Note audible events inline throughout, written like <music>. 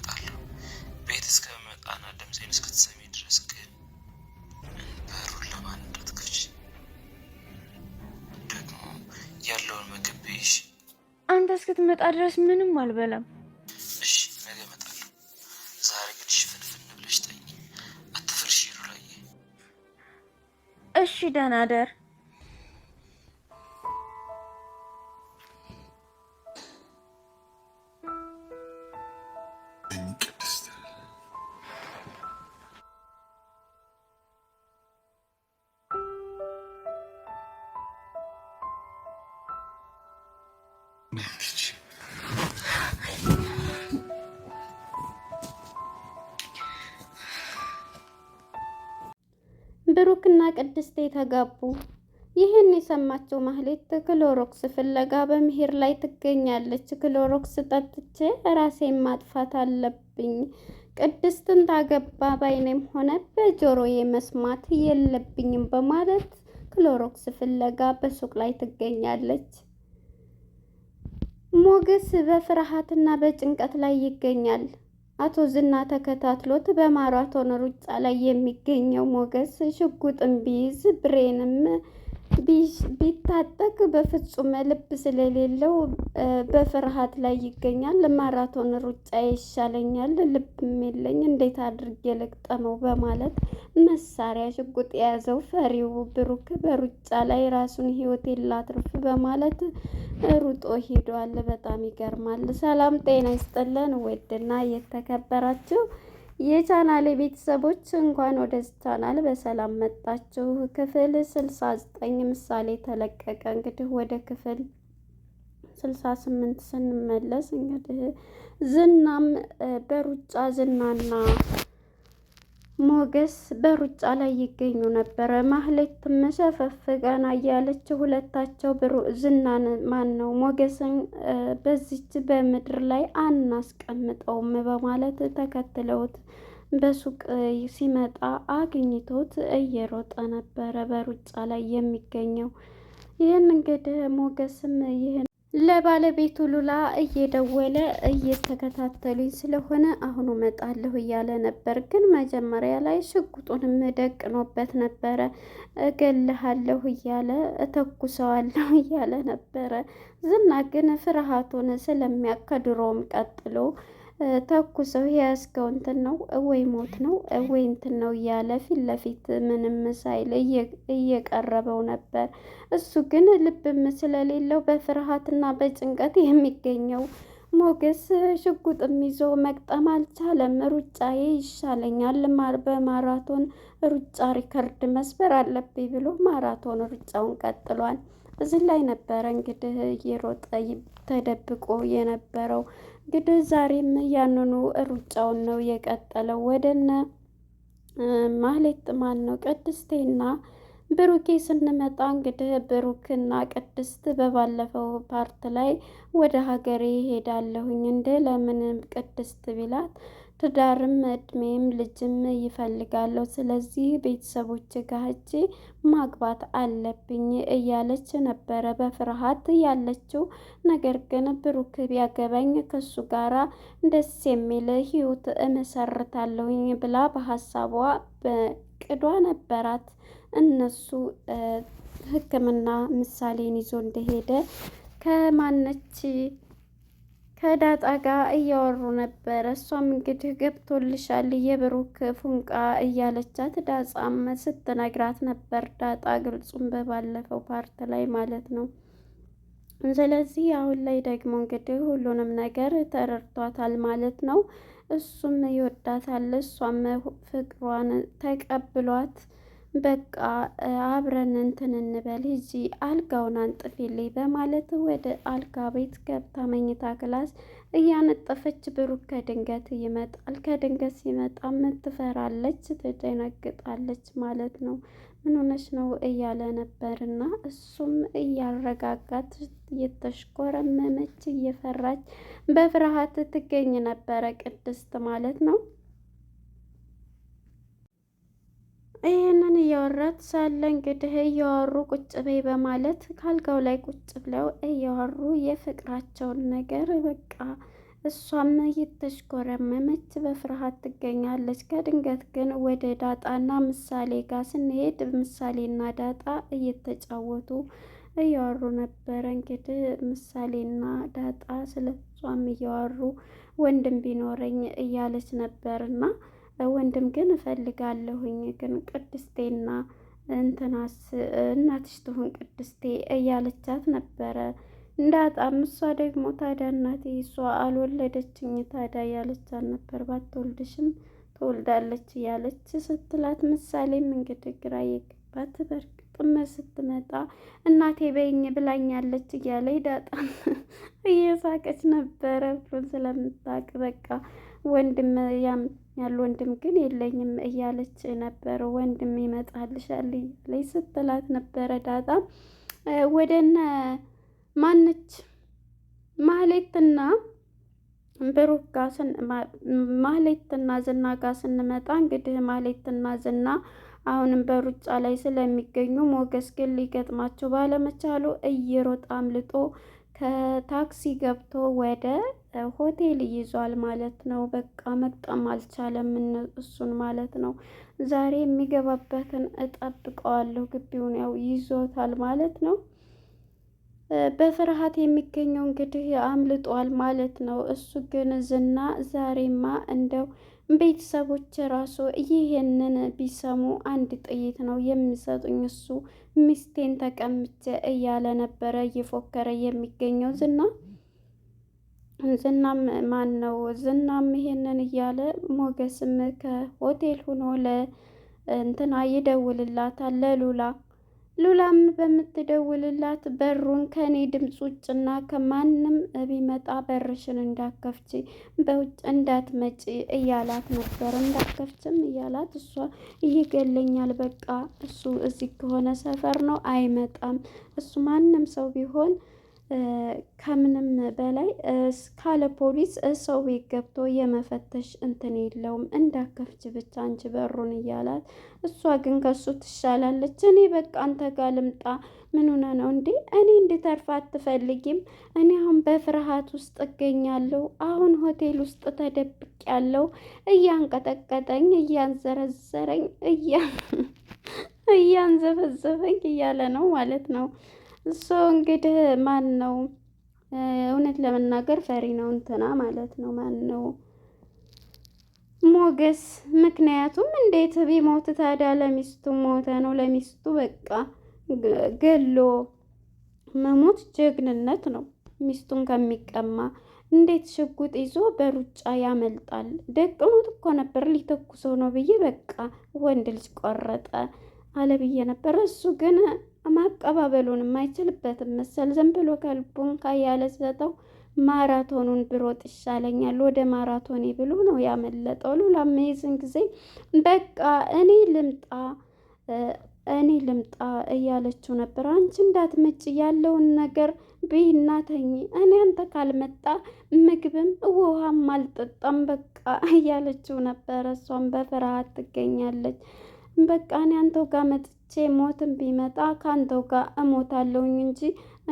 እመጣለሁ። ቤት እስከመጣና ድምፄን እስክትሰሚ ድረስ ግን በሩን ለማን እንዳትከፍች። ደግሞ ያለውን ምግብ ብይሽ። አንተ እስክትመጣ ድረስ ምንም አልበላም። እሺ፣ ነገ እመጣለሁ። ዛሬ ግን ሽፍንፍን ብለሽ ጠኝ። አትፍርሽ። ይሉ ላይ እሺ፣ ደህና ደር እመቤታችን ቅድስት ብሩክና ቅድስት የተጋቡ ይህን የሰማቸው ማህሌት ክሎሮክስ ፍለጋ በመሄድ ላይ ትገኛለች። ክሎሮክስ ጠጥቼ ራሴን ማጥፋት አለብኝ። ቅድስትን ታገባ ባይኔም ሆነ በጆሮዬ መስማት የለብኝም በማለት ክሎሮክስ ፍለጋ በሱቅ ላይ ትገኛለች። ሞገስ በፍርሃትና በጭንቀት ላይ ይገኛል። አቶ ዝና ተከታትሎት በማራቶን ሩጫ ላይ የሚገኘው ሞገስ ሽጉጥም ቢይዝ ብሬንም ቢታጠቅ በፍጹም ልብ ስለሌለው በፍርሃት ላይ ይገኛል። ማራቶን ሩጫ ይሻለኛል፣ ልብም የለኝ እንዴት አድርጌ ልቅጠመው በማለት መሳሪያ ሽጉጥ የያዘው ፈሪው ብሩክ በሩጫ ላይ ራሱን ህይወት ላትርፍ በማለት ሩጦ ሄዷል። በጣም ይገርማል። ሰላም ጤና ይስጥልን ውድና የተከበራችሁ የቻናሌ ቤተሰቦች እንኳን ወደ ቻናል በሰላም መጣችሁ። ክፍል 69 ምሳሌ ተለቀቀ። እንግዲህ ወደ ክፍል 68 ስንመለስ እንግዲህ ዝናም በሩጫ ዝናና ሞገስ በሩጫ ላይ ይገኙ ነበረ። ማህሌትም ሸፈፍ ገና እያለች ሁለታቸው ዝናን ማን ነው ሞገስን በዚች በምድር ላይ አናስቀምጠውም በማለት ተከትለውት በሱቅ ሲመጣ አግኝቶት እየሮጠ ነበረ በሩጫ ላይ የሚገኘው። ይህን እንግዲህ ሞገስም ይህን ለባለቤቱ ሉላ እየደወለ እየተከታተሉኝ ስለሆነ አሁኑ መጣለሁ እያለ ነበር። ግን መጀመሪያ ላይ ሽጉጡንም ደቅኖበት ነበረ። እገልሃለሁ እያለ እተኩሰዋለሁ <laughs> እያለ ነበረ። ዝና ግን ፍርሃቱን ስለሚያከድሮም ቀጥሎ ተኩሰው የያዝከው እንትን ነው ወይ ሞት ነው ወይ እንትን ነው እያለ ፊት ለፊት ምንም ሳይል እየቀረበው ነበር። እሱ ግን ልብም ስለሌለው በፍርሃትና በጭንቀት የሚገኘው ሞገስ ሽጉጥም ይዞ መቅጠም አልቻለም። ሩጫዬ ይሻለኛል በማራቶን ሩጫ ሪከርድ መስበር አለብኝ ብሎ ማራቶን ሩጫውን ቀጥሏል። እዚህ ላይ ነበረ እንግዲህ እየሮጠ ተደብቆ የነበረው እንግዲህ ዛሬም ያንኑ ሩጫውን ነው የቀጠለው። ወደነ ማህሌት ማን ነው ቅድስቴና ብሩኬ ስንመጣ እንግዲህ ብሩክና ቅድስት በባለፈው ፓርት ላይ ወደ ሀገሬ ሄዳለሁኝ እንደ ለምን ቅድስት ቢላት ትዳርም እድሜም ልጅም ይፈልጋለሁ። ስለዚህ ቤተሰቦች ጋር ማግባት አለብኝ እያለች ነበረ በፍርሃት ያለችው። ነገር ግን ብሩክ ቢያገባኝ ከሱ ጋራ ደስ የሚል ህይወት እመሰርታለሁኝ ብላ በሀሳቧ በቅዷ ነበራት። እነሱ ሕክምና ምሳሌን ይዞ እንደሄደ ከማነች ከዳጣ ጋር እያወሩ ነበረ። እሷም እንግዲህ ገብቶልሻል የብሩክ ፉንቃ እያለቻት ዳጻም ስትነግራት ነበር። ዳጣ ግልጹም በባለፈው ፓርት ላይ ማለት ነው። ስለዚህ አሁን ላይ ደግሞ እንግዲህ ሁሉንም ነገር ተረድቷታል ማለት ነው። እሱም ይወዳታል፣ እሷም ፍቅሯን ተቀብሏት በቃ አብረን እንትን እንበል ሂጂ አልጋውን አንጥፊልኝ በማለት ወደ አልጋ ቤት ገብታ መኝታ ክላስ እያነጠፈች ብሩክ ከድንገት ይመጣል። ከድንገት ሲመጣም ትፈራለች፣ ትደነግጣለች ማለት ነው። ምን ነው እያለ ነበርና እሱም እያረጋጋት እየተሽኮረመመች እየፈራች በፍርሃት ትገኝ ነበረ ቅድስት ማለት ነው። ይህንን እያወራት ሳለ እንግዲህ እያወሩ ቁጭ በይ በማለት ካልጋው ላይ ቁጭ ብለው እያወሩ የፍቅራቸውን ነገር በቃ እሷም እየተሽኮረመመች በፍርሃት ትገኛለች። ከድንገት ግን ወደ ዳጣና ምሳሌ ጋር ስንሄድ ምሳሌና ዳጣ እየተጫወቱ እያወሩ ነበረ። እንግዲህ ምሳሌና ዳጣ ስለ እሷም እያወሩ ወንድም ቢኖረኝ እያለች ነበርና ወንድም ግን እፈልጋለሁኝ ግን ቅድስቴና እንትናስ እናትሽ ትሁን ቅድስቴ እያለቻት ነበረ። እንዳጣም እሷ ደግሞ ታዲያ እናቴ እሷ አልወለደችኝ ታዲያ እያለቻት ነበር። ባትወልድሽም ትወልዳለች እያለች ስትላት፣ ምሳሌም እንግዲህ ግራ የገባት በርግጥም ስትመጣ እናቴ በይኝ ብላኛለች እያለ ዳጣም እየሳቀች ነበረ። ሁሉን ስለምታቅ በቃ ወንድም ያምት ያለ ወንድም ግን የለኝም እያለች ነበረ። ወንድም ይመጣልሻል ላይ ስትላት ነበረ። ዳጣ ወደነ ማነች ማህሌትና ብሩክ ጋር ማህሌትና ዝና ጋ ስንመጣ እንግዲህ ማህሌትና ዝና አሁንም በሩጫ ላይ ስለሚገኙ ሞገስ ግን ሊገጥማቸው ባለመቻሉ እየሮጣ አምልጦ ከታክሲ ገብቶ ወደ ሆቴል ይዟል ማለት ነው። በቃ መጣም አልቻለም እሱን ማለት ነው። ዛሬ የሚገባበትን እጠብቀዋለሁ። ግቢውን ያው ይዞታል ማለት ነው። በፍርሃት የሚገኘው እንግዲህ አምልጧል ማለት ነው። እሱ ግን ዝና ዛሬማ እንደው ቤተሰቦች ራሱ ይህንን ቢሰሙ አንድ ጥይት ነው የሚሰጡኝ፣ እሱ ሚስቴን ተቀምቼ እያለ ነበረ እየፎከረ የሚገኘው ዝና። ዝናም ማን ነው? ዝናም ይሄንን እያለ ሞገስም ከሆቴል ሆኖ ለእንትና ይደውልላታል ለሉላ ሉላም በምትደውልላት በሩን ከእኔ ድምፅ ውጭና ከማንም ቢመጣ በርሽን እንዳከፍች በውጭ እንዳትመጪ እያላት ነበር። እንዳከፍችም እያላት እሷ ይገለኛል፣ በቃ እሱ እዚህ ከሆነ ሰፈር ነው አይመጣም፣ እሱ ማንም ሰው ቢሆን ከምንም በላይ ካለ ፖሊስ ሰው ቤት ገብቶ የመፈተሽ እንትን የለውም። እንዳከፍች ብቻ አንቺ በሩን እያላት፣ እሷ ግን ከሱ ትሻላለች። እኔ በቃ አንተ ጋር ልምጣ። ምን ሆነ ነው እንዴ? እኔ እንድተርፍ አትፈልጊም? እኔ አሁን በፍርሃት ውስጥ እገኛለሁ። አሁን ሆቴል ውስጥ ያለው እያንቀጠቀጠኝ፣ እያንዘረዘረኝ፣ እያንዘፈዘፈኝ እያለ ነው ማለት ነው እሱ እንግዲህ ማን ነው እውነት ለመናገር ፈሪ ነው እንትና ማለት ነው። ማን ነው ሞገስ። ምክንያቱም እንዴት ቢሞት ታዲያ ለሚስቱ ሞተ ነው። ለሚስቱ በቃ ገሎ መሞት ጀግንነት ነው። ሚስቱን ከሚቀማ እንዴት ሽጉጥ ይዞ በሩጫ ያመልጣል? ደቅሞት እኮ ነበር ሊተኩሰው ነው ብዬ በቃ ወንድ ልጅ ቆረጠ አለ ብዬ ነበር። እሱ ግን ማቀባበሉን የማይችልበትም መሰል ዝም ብሎ ከልቡን ካያለሰጠው ማራቶኑን ብሮጥ ይሻለኛል ወደ ማራቶኔ ብሎ ነው ያመለጠው። ሉላ አሜዝን ጊዜ በቃ እኔ ልምጣ እኔ ልምጣ እያለችው ነበር። አንቺ እንዳትመጭ ያለውን ነገር ብይና ተኝ፣ እኔ አንተ ካልመጣ ምግብም ውሃም አልጠጣም በቃ እያለችው ነበረ። እሷም በፍርሃት ትገኛለች። በቃ እኔ አንተው ጋር መጥቼ ቼ ሞትን ቢመጣ ካንተው ጋር እሞታለሁኝ እንጂ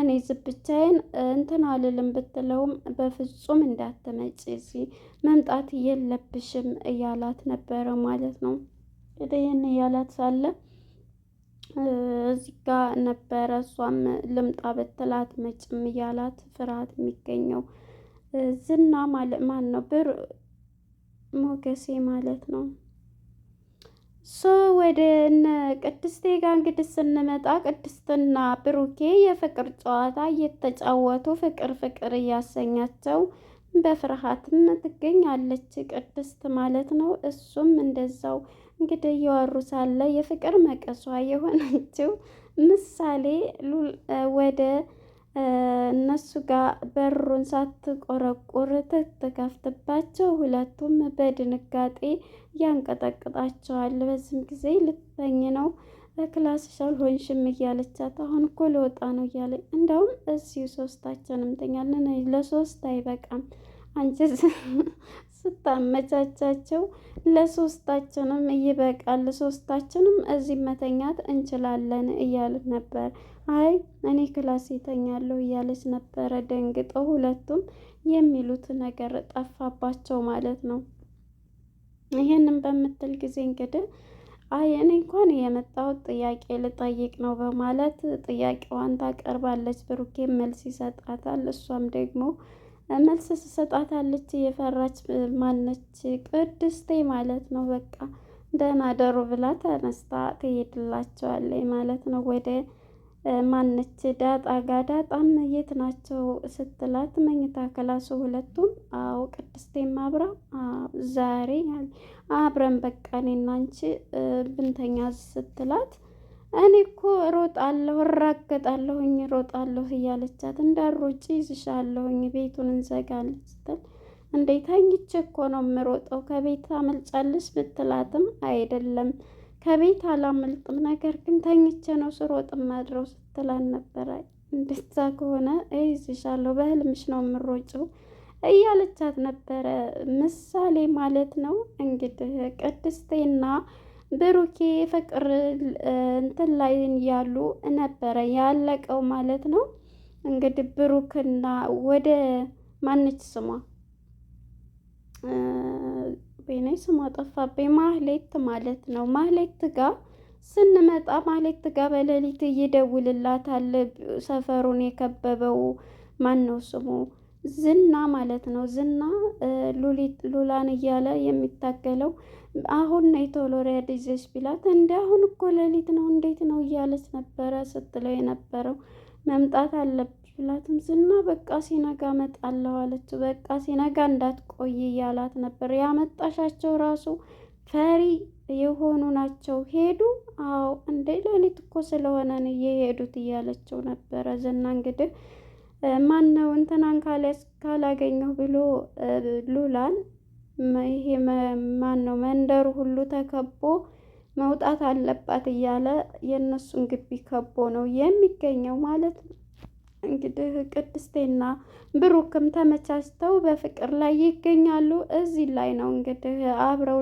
እኔ ዝብቻዬን እንትን አልልም ብትለውም በፍጹም እንዳትመጪ እዚህ መምጣት የለብሽም እያላት ነበረ ማለት ነው። ይህን እያላት ሳለ እዚህ ጋ ነበረ እሷም ልምጣ ብትላት መጭም እያላት ፍርሃት የሚገኘው ዝና ማለት ማን ነው? ብር ሞገሴ ማለት ነው። ሶ ወደ እነ ቅድስቴ ጋር እንግዲህ ስንመጣ ቅድስትና ብሩኬ የፍቅር ጨዋታ እየተጫወቱ ፍቅር ፍቅር እያሰኛቸው በፍርሃትም ትገኛለች ቅድስት ማለት ነው። እሱም እንደዛው እንግዲህ እያወሩ ሳለ የፍቅር መቀሷ የሆነችው ምሳሌ ወደ እነሱ ጋር በሩን ሳትቆረቁር ትከፍትባቸው ሁለቱም በድንጋጤ ያንቀጠቅጣቸዋል። በዚህም ጊዜ ልትተኝ ነው በክላስሽ አልሆንሽም እያለቻት አሁን እኮ ልወጣ ነው እያለ እንደውም እዚሁ ሶስታችንም እንተኛለን። ለሶስት አይበቃም አንቺ ስታመቻቻቸው ለሶስታችንም ይበቃል፣ ሶስታችንም እዚህ መተኛት እንችላለን እያሉት ነበር። አይ እኔ ክላስ ይተኛለሁ እያለች ነበረ። ደንግጠው ሁለቱም የሚሉት ነገር ጠፋባቸው ማለት ነው። ይህንን በምትል ጊዜ እንግዲህ አይ እኔ እንኳን የመጣሁት ጥያቄ ልጠይቅ ነው በማለት ጥያቄዋን ታቀርባለች። ብሩኬ መልስ ይሰጣታል። እሷም ደግሞ መልስ ስሰጣታለች የፈራች ማነች ቅድስቴ ማለት ነው። በቃ ደህና ደሩ ብላ ተነስታ ትሄድላቸዋለች ማለት ነው ወደ ማነች ዳጣ ጋ ዳጣም የት ናቸው ስትላት መኝታ ክላሱ ሁለቱም አው ቅድስቴም አብራ ዛሬ አብረን በቃ እኔና አንቺ ብንተኛ ስትላት እኔ እኮ እሮጣለሁ እራገጣለሁኝ ሮጣለሁ እያለቻት እንዳሮጪ ይዝሻለሁኝ ቤቱን እንዘጋለን ስትል እንዴት ተኝቼ እኮ ነው የምሮጠው ከቤት አመልጫለሽ ብትላትም አይደለም ከቤት አላመልጥም፣ ነገር ግን ተኝቼ ነው ስሮጥ ማድረው ስትላን ነበረ። እንደዛ ከሆነ እይዝሻለሁ፣ በህልምሽ ነው የምሮጭው እያለቻት ነበረ። ምሳሌ ማለት ነው እንግዲህ ቅድስቴና ብሩኬ ፍቅር እንትን ላይ ያሉ ነበረ ያለቀው ማለት ነው። እንግዲህ ብሩክና ወደ ማነች ስሟ ጠፋብኝ ነኝ ስሙ ጠፋብኝ ማህሌት ማለት ነው። ማህሌት ጋ ስንመጣ ማህሌት ጋ በሌሊት ይደውልላታል። ሰፈሩን የከበበው ማን ነው ስሙ ዝና ማለት ነው። ዝና ሉላን እያለ የሚታገለው አሁን ነይ ቶሎ ሬድ ይዘሽ ቢላት እንደ አሁን እኮ ሌሊት ነው እንዴት ነው እያለች ነበረ ስትለው የነበረው መምጣት አለበት ብላትም ዝና በቃ ሲነጋ እመጣለሁ አለችው። በቃ ሲነጋ እንዳትቆይ እያላት ነበር። ያመጣሻቸው ራሱ ፈሪ የሆኑ ናቸው። ሄዱ? አዎ፣ እንደ ሌሊት እኮ ስለሆነ ነው የሄዱት እያለችው ነበረ። ዝና እንግዲህ ማን ነው እንትናን ካላገኘሁ ብሎ ሉላን ይሄ ማን ነው መንደሩ ሁሉ ተከቦ መውጣት አለባት እያለ የእነሱን ግቢ ከቦ ነው የሚገኘው ማለት ነው። እንግዲህ ቅድስቴና ብሩክም ተመቻችተው በፍቅር ላይ ይገኛሉ። እዚህ ላይ ነው እንግዲህ አብረው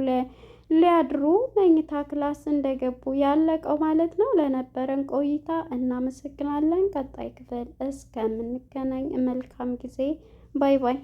ሊያድሩ መኝታ ክላስ እንደገቡ ያለቀው ማለት ነው። ለነበረን ቆይታ እናመሰግናለን። ቀጣይ ክፍል እስከምንገናኝ መልካም ጊዜ። ባይ ባይ።